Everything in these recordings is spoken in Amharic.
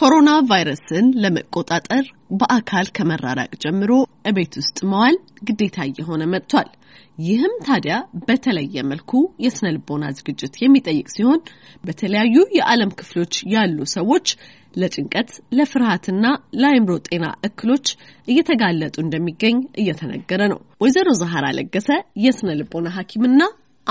ኮሮና ቫይረስን ለመቆጣጠር በአካል ከመራራቅ ጀምሮ እቤት ውስጥ መዋል ግዴታ እየሆነ መጥቷል። ይህም ታዲያ በተለየ መልኩ የስነ ልቦና ዝግጅት የሚጠይቅ ሲሆን በተለያዩ የዓለም ክፍሎች ያሉ ሰዎች ለጭንቀት፣ ለፍርሃትና ለአይምሮ ጤና እክሎች እየተጋለጡ እንደሚገኝ እየተነገረ ነው። ወይዘሮ ዛህራ ለገሰ የስነ ልቦና ሐኪምና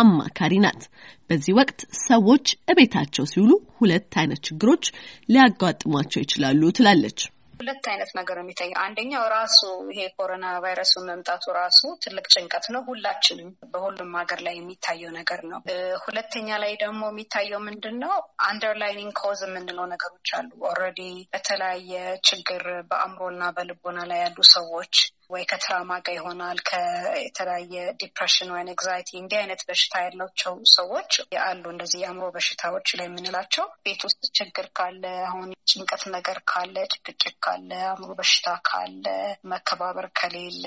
አማካሪ ናት። በዚህ ወቅት ሰዎች እቤታቸው ሲውሉ ሁለት አይነት ችግሮች ሊያጋጥሟቸው ይችላሉ ትላለች። ሁለት አይነት ነገር ነው የሚታየው። አንደኛው ራሱ ይሄ ኮሮና ቫይረሱ መምጣቱ ራሱ ትልቅ ጭንቀት ነው፣ ሁላችንም በሁሉም ሀገር ላይ የሚታየው ነገር ነው። ሁለተኛ ላይ ደግሞ የሚታየው ምንድን ነው? አንደርላይኒንግ ኮዝ የምንለው ነገሮች አሉ። ኦልሬዲ በተለያየ ችግር በአእምሮና በልቦና ላይ ያሉ ሰዎች ወይ ከትራማ ጋር ይሆናል። ከተለያየ ዲፕሬሽን ወይ ኤግዛይቲ እንዲህ አይነት በሽታ ያላቸው ሰዎች አሉ። እንደዚህ የአእምሮ በሽታዎች ላይ የምንላቸው ቤት ውስጥ ችግር ካለ አሁን ጭንቀት ነገር ካለ፣ ጭቅጭቅ ካለ፣ አእምሮ በሽታ ካለ፣ መከባበር ከሌለ፣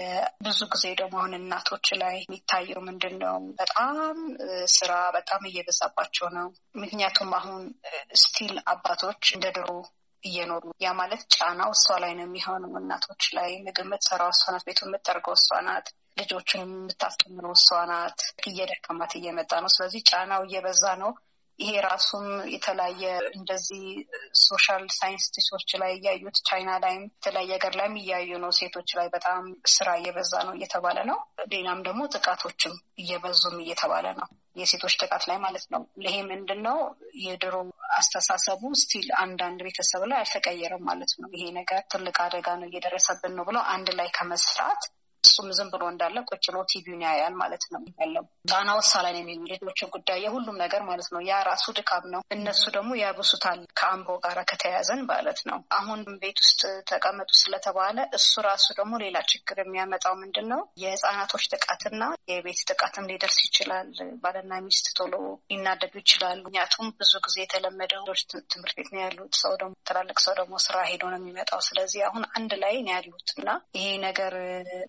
ብዙ ጊዜ ደግሞ አሁን እናቶች ላይ የሚታየው ምንድን ነው? በጣም ስራ በጣም እየበዛባቸው ነው። ምክንያቱም አሁን ስቲል አባቶች እንደ ድሮ እየኖሩ ያ ማለት ጫናው እሷ ላይ ነው የሚሆነው። እናቶች ላይ ምግብ የምትሰራው እሷ ናት፣ ቤቱ የምትጠርገው እሷ ናት፣ ልጆችን የምታስተምረው እሷ ናት። እየደከማት እየመጣ ነው። ስለዚህ ጫናው እየበዛ ነው። ይሄ ራሱም የተለያየ እንደዚህ ሶሻል ሳይንስ ላይ እያዩት ቻይና ላይም የተለያየ ሀገር ላይም እያዩ ነው። ሴቶች ላይ በጣም ስራ እየበዛ ነው እየተባለ ነው። ሌላም ደግሞ ጥቃቶችም እየበዙም እየተባለ ነው። የሴቶች ጥቃት ላይ ማለት ነው። ይሄ ምንድን ነው የድሮ አስተሳሰቡ ስቲል አንዳንድ ቤተሰብ ላይ አልተቀየረም ማለት ነው። ይሄ ነገር ትልቅ አደጋ ነው እየደረሰብን ነው ብለው አንድ ላይ ከመስራት እሱም ዝም ብሎ እንዳለ ቁጭ ብሎ ቲቪውን ያያል ማለት ነው ያለው ጣና ውሳላን የሚሉ ልጆችን ጉዳይ የሁሉም ነገር ማለት ነው። ያ ራሱ ድካም ነው። እነሱ ደግሞ ያብሱታል። ከአምቦ ጋር ከተያያዘን ማለት ነው። አሁን ቤት ውስጥ ተቀመጡ ስለተባለ እሱ ራሱ ደግሞ ሌላ ችግር የሚያመጣው ምንድን ነው? የህፃናቶች ጥቃትና የቤት ጥቃትም ሊደርስ ይችላል። ባልና ሚስት ቶሎ ሊናደዱ ይችላሉ። ምክንያቱም ብዙ ጊዜ የተለመደው ትምህርት ቤት ነው ያሉት። ሰው ደግሞ ትላልቅ ሰው ደግሞ ስራ ሄዶ ነው የሚመጣው። ስለዚህ አሁን አንድ ላይ ነው ያሉት እና ይሄ ነገር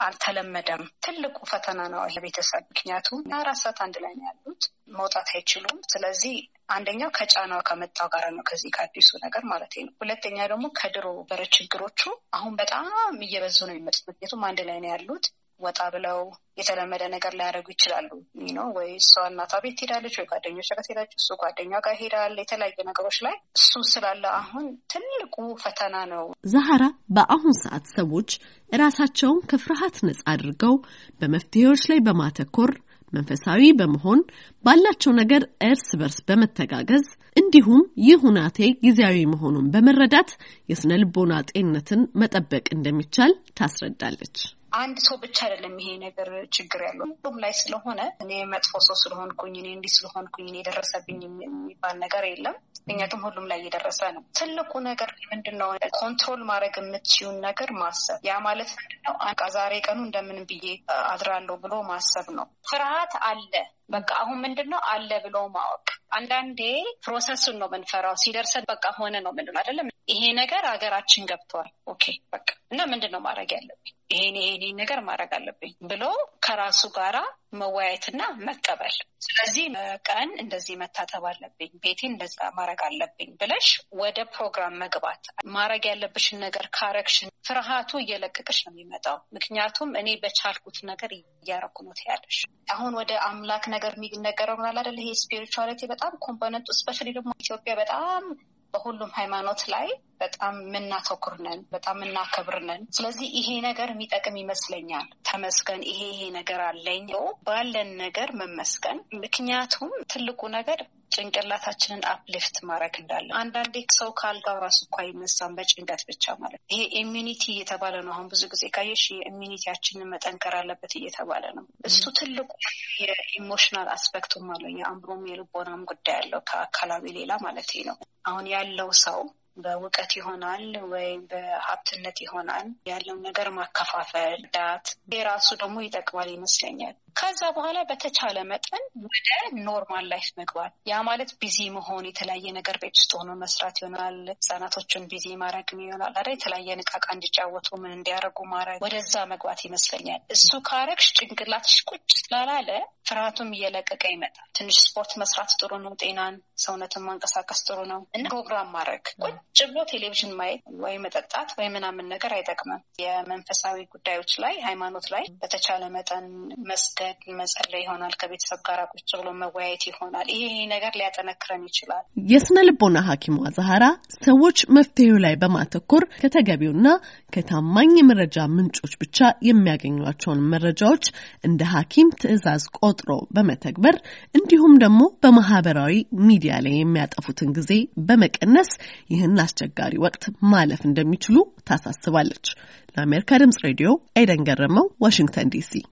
አልታ አልተለመደም። ትልቁ ፈተና ነው ይሄ ቤተሰብ። ምክንያቱም አራት አንድ ላይ ነው ያሉት፣ መውጣት አይችሉም። ስለዚህ አንደኛው ከጫናው ከመጣው ጋር ነው ከዚህ ከአዲሱ ነገር ማለት ነው። ሁለተኛ ደግሞ ከድሮ በረ ችግሮቹ አሁን በጣም እየበዙ ነው የሚመጡት፣ ምክንያቱም አንድ ላይ ነው ያሉት። ወጣ ብለው የተለመደ ነገር ሊያደርጉ ይችላሉ ነው ወይ እሷ እናቷ ቤት ትሄዳለች፣ ወይ ጓደኞች ጋር ትሄዳለች፣ እሱ ጓደኛ ጋር ሄዳል የተለያዩ ነገሮች ላይ እሱ ስላለ አሁን ትልቁ ፈተና ነው። ዛሀራ በአሁን ሰዓት ሰዎች እራሳቸውን ከፍርሃት ነጻ አድርገው በመፍትሄዎች ላይ በማተኮር መንፈሳዊ በመሆን ባላቸው ነገር እርስ በርስ በመተጋገዝ እንዲሁም ይህ ሁናቴ ጊዜያዊ መሆኑን በመረዳት የስነ ልቦና ጤንነትን መጠበቅ እንደሚቻል ታስረዳለች። አንድ ሰው ብቻ አይደለም ይሄ ነገር ችግር ያለው ሁሉም ላይ ስለሆነ እኔ መጥፎ ሰው ስለሆንኩኝ እኔ እንዲህ ስለሆንኩኝ እኔ የደረሰብኝ የሚባል ነገር የለም። ምክንያቱም ሁሉም ላይ እየደረሰ ነው። ትልቁ ነገር ምንድን ነው? ኮንትሮል ማድረግ የምትችውን ነገር ማሰብ። ያ ማለት ምንድነው? ዛሬ ቀኑ እንደምን ብዬ አድራለሁ ብሎ ማሰብ ነው። ፍርሃት አለ በቃ አሁን ምንድን ነው አለ ብሎ ማወቅ። አንዳንዴ ፕሮሰሱን ነው ምንፈራው፣ ሲደርሰን በቃ ሆነ ነው ምንድን አይደለም። ይሄ ነገር ሀገራችን ገብቷል ኦኬ በቃ እና ምንድን ነው ማድረግ ያለብኝ ይሄን ይሄን ነገር ማድረግ አለብኝ ብሎ ከራሱ ጋራ መወያየትና መቀበል። ስለዚህ ቀን እንደዚህ መታተብ አለብኝ፣ ቤቴን እንደዛ ማድረግ አለብኝ ብለሽ ወደ ፕሮግራም መግባት ማድረግ ያለብሽን ነገር ካረግሽን ፍርሃቱ እየለቀቀሽ ነው የሚመጣው። ምክንያቱም እኔ በቻልኩት ነገር እያረኩ ነው ትያለሽ። አሁን ወደ አምላክ ነገር የሚነገረው ምናል አደለ? ይሄ ስፒሪቹዋሊቲ በጣም ኮምፖነንት ውስጥ በተለይ ደግሞ ኢትዮጵያ በጣም በሁሉም ሃይማኖት ላይ በጣም የምናተኩር ነን፣ በጣም የምናከብር ነን። ስለዚህ ይሄ ነገር የሚጠቅም ይመስለኛል። ተመስገን ይሄ ይሄ ነገር አለኝ፣ ባለን ነገር መመስገን። ምክንያቱም ትልቁ ነገር ጭንቅላታችንን አፕሊፍት ማድረግ እንዳለ አንዳንዴ ሰው ከአልጋው ራሱ እኮ አይነሳም በጭንቀት ብቻ ማለት ነው። ይሄ ኢሚኒቲ እየተባለ ነው። አሁን ብዙ ጊዜ ካየሽ የኢሚኒቲያችንን መጠንከር አለበት እየተባለ ነው። እሱ ትልቁ የኢሞሽናል አስፔክቱም አለው። የአእምሮም የልቦናም ጉዳይ አለው ከአካላዊ ሌላ ማለት ነው። አሁን ያለው ሰው በእውቀት ይሆናል ወይም በሀብትነት ይሆናል ያለው ነገር ማከፋፈል ዳት የራሱ ደግሞ ይጠቅማል ይመስለኛል። ከዛ በኋላ በተቻለ መጠን ወደ ኖርማል ላይፍ መግባት፣ ያ ማለት ቢዚ መሆን፣ የተለያየ ነገር ቤት ውስጥ ሆኖ መስራት ይሆናል። ህጻናቶችን ቢዚ ማድረግም ይሆናል። አ የተለያየ ንቃቃ እንዲጫወቱ ምን እንዲያደርጉ ማድረግ፣ ወደዛ መግባት ይመስለኛል። እሱ ካረግሽ ጭንቅላትሽ ቁጭ ስላላለ ፍርሃቱም እየለቀቀ ይመጣል። ትንሽ ስፖርት መስራት ጥሩ ነው፣ ጤናን ሰውነትን ማንቀሳቀስ ጥሩ ነው እና ፕሮግራም ማድረግ ቁጭ ብሎ ቴሌቪዥን ማየት ወይ መጠጣት ወይ ምናምን ነገር አይጠቅምም። የመንፈሳዊ ጉዳዮች ላይ ሃይማኖት ላይ በተቻለ መጠን መስገ ማድረግ መጸለይ ይሆናል። ከቤተሰብ ጋር ቁጭ ብሎ መወያየት ይሆናል። ይሄ ነገር ሊያጠነክረን ይችላል። የስነ ልቦና ሐኪሟ ዛህራ ሰዎች መፍትሄው ላይ በማተኮር ከተገቢውና ከታማኝ የመረጃ ምንጮች ብቻ የሚያገኟቸውን መረጃዎች እንደ ሐኪም ትዕዛዝ ቆጥሮ በመተግበር እንዲሁም ደግሞ በማህበራዊ ሚዲያ ላይ የሚያጠፉትን ጊዜ በመቀነስ ይህን አስቸጋሪ ወቅት ማለፍ እንደሚችሉ ታሳስባለች። ለአሜሪካ ድምጽ ሬዲዮ ኤደን ገረመው፣ ዋሽንግተን ዲሲ